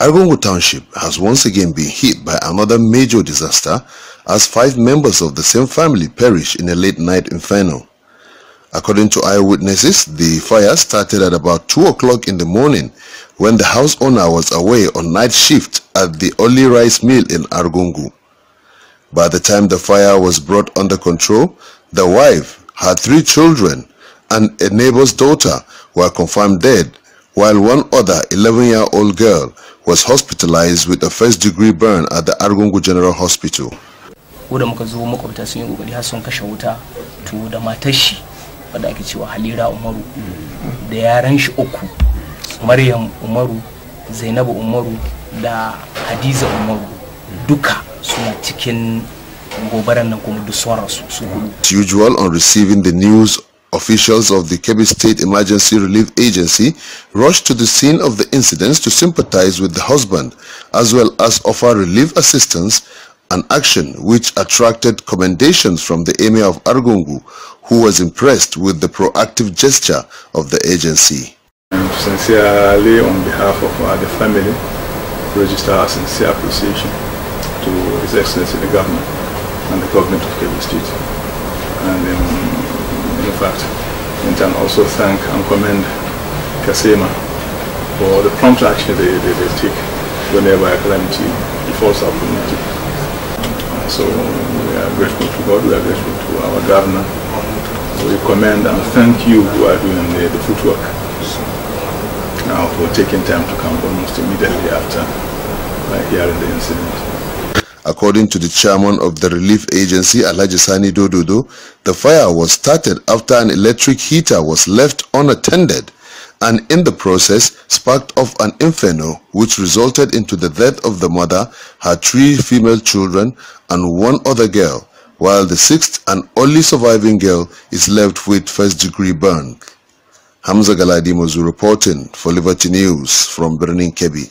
Argungu Township has once again been hit by another major disaster as five members of the same family perished in a late-night inferno. According to eyewitnesses, the fire started at about 2 o'clock in the morning when the house owner was away on night shift at the only rice mill in Argungu. By the time the fire was brought under control, the wife, her three children, and a neighbor's daughter were confirmed dead while one other 11-year-old girl was hospitalized with a first-degree burn at the Argungu General Hospital. ko muka zo makwabta sun yi kokari har sun kashe wuta to da matar shi wanda ake cewa halira umaru da yaran shi uku maryam umaru zainabu umaru da hadiza umaru duka suna cikin gobarar nan kuma duk sun rasu su hudu. usual on receiving the news Officials of the Kebbi State Emergency Relief Agency rushed to the scene of the incidents to sympathize with the husband as well as offer relief assistance, an action which attracted commendations from the Emir of Argungu who was impressed with the proactive gesture of the agency. I'm sincerely on behalf of uh, the family register our sincere appreciation to His Excellency the Governor and the Government of Kebbi State. And um, in fact. And can also thank and commend Kasema for the prompt action they, they, they take whenever a calamity befalls our community. So we are grateful to God, we are grateful to our governor. We commend and thank you who are doing the, the footwork now for taking time to come almost immediately after uh, hearing the incident. According to the chairman of the relief agency, Alhaji Dododo, the fire was started after an electric heater was left unattended and in the process sparked off an inferno which resulted into the death of the mother, her three female children and one other girl, while the sixth and only surviving girl is left with first-degree burn. Hamza Galadimo reporting for Liberty News from Burning Kebi.